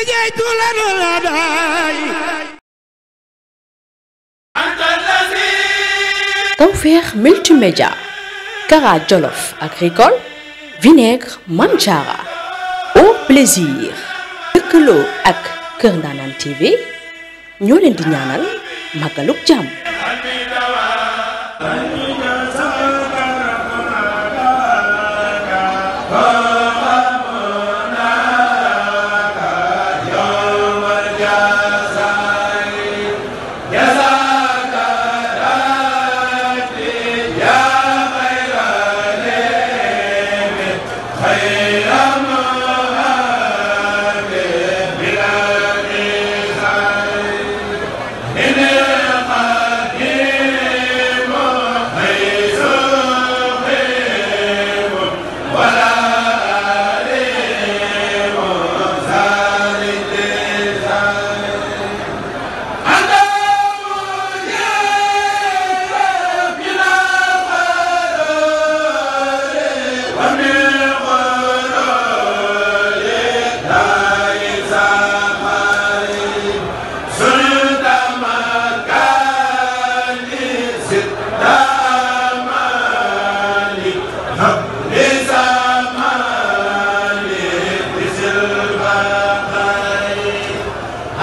نجيت لنا الهداي multimédia Kara Jolof agricole vinaigre Manjara au plaisir lëkkaloo ak Kër Ndanaan TV ñoo leen di ñaanal màggalug jàmm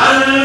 Allah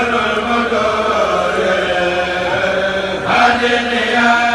المدايا هدني يا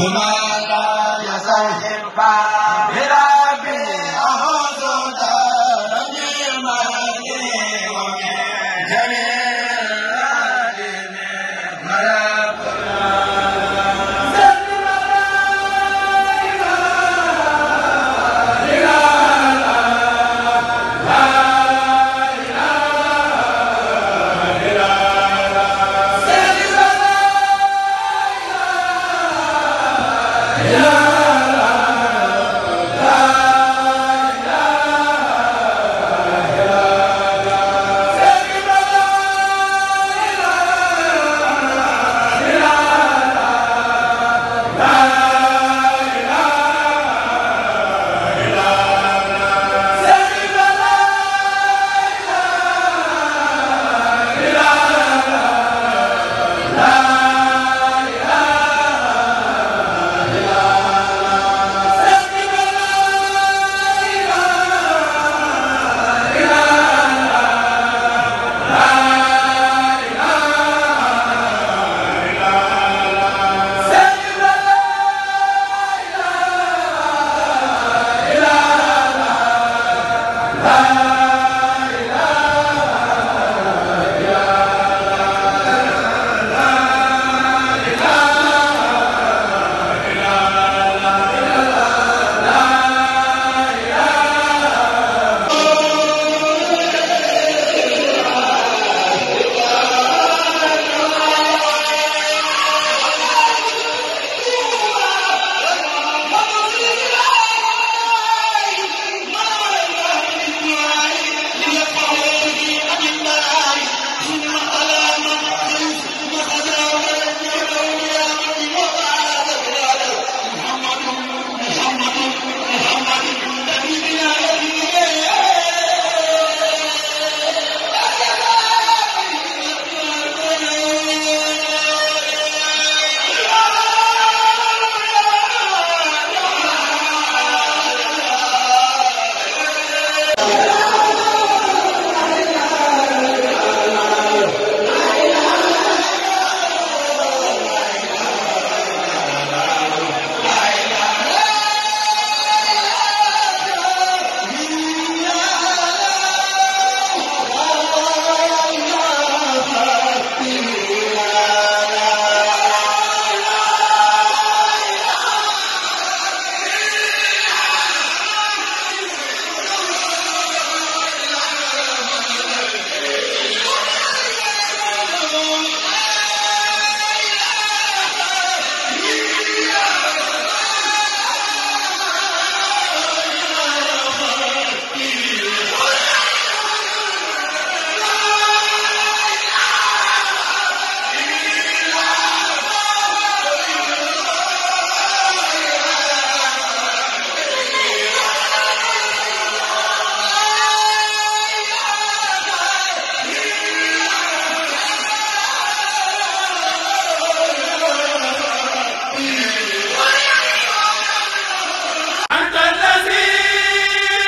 Kumar.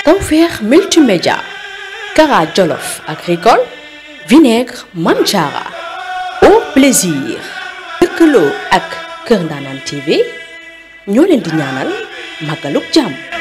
Tawfekh multimédia Kara Jolof agricole vinaigre Manjara au plaisir lëkkaloo ak Kër Ndanaan TV ñoo leen di ñaanal màggaluk jàmm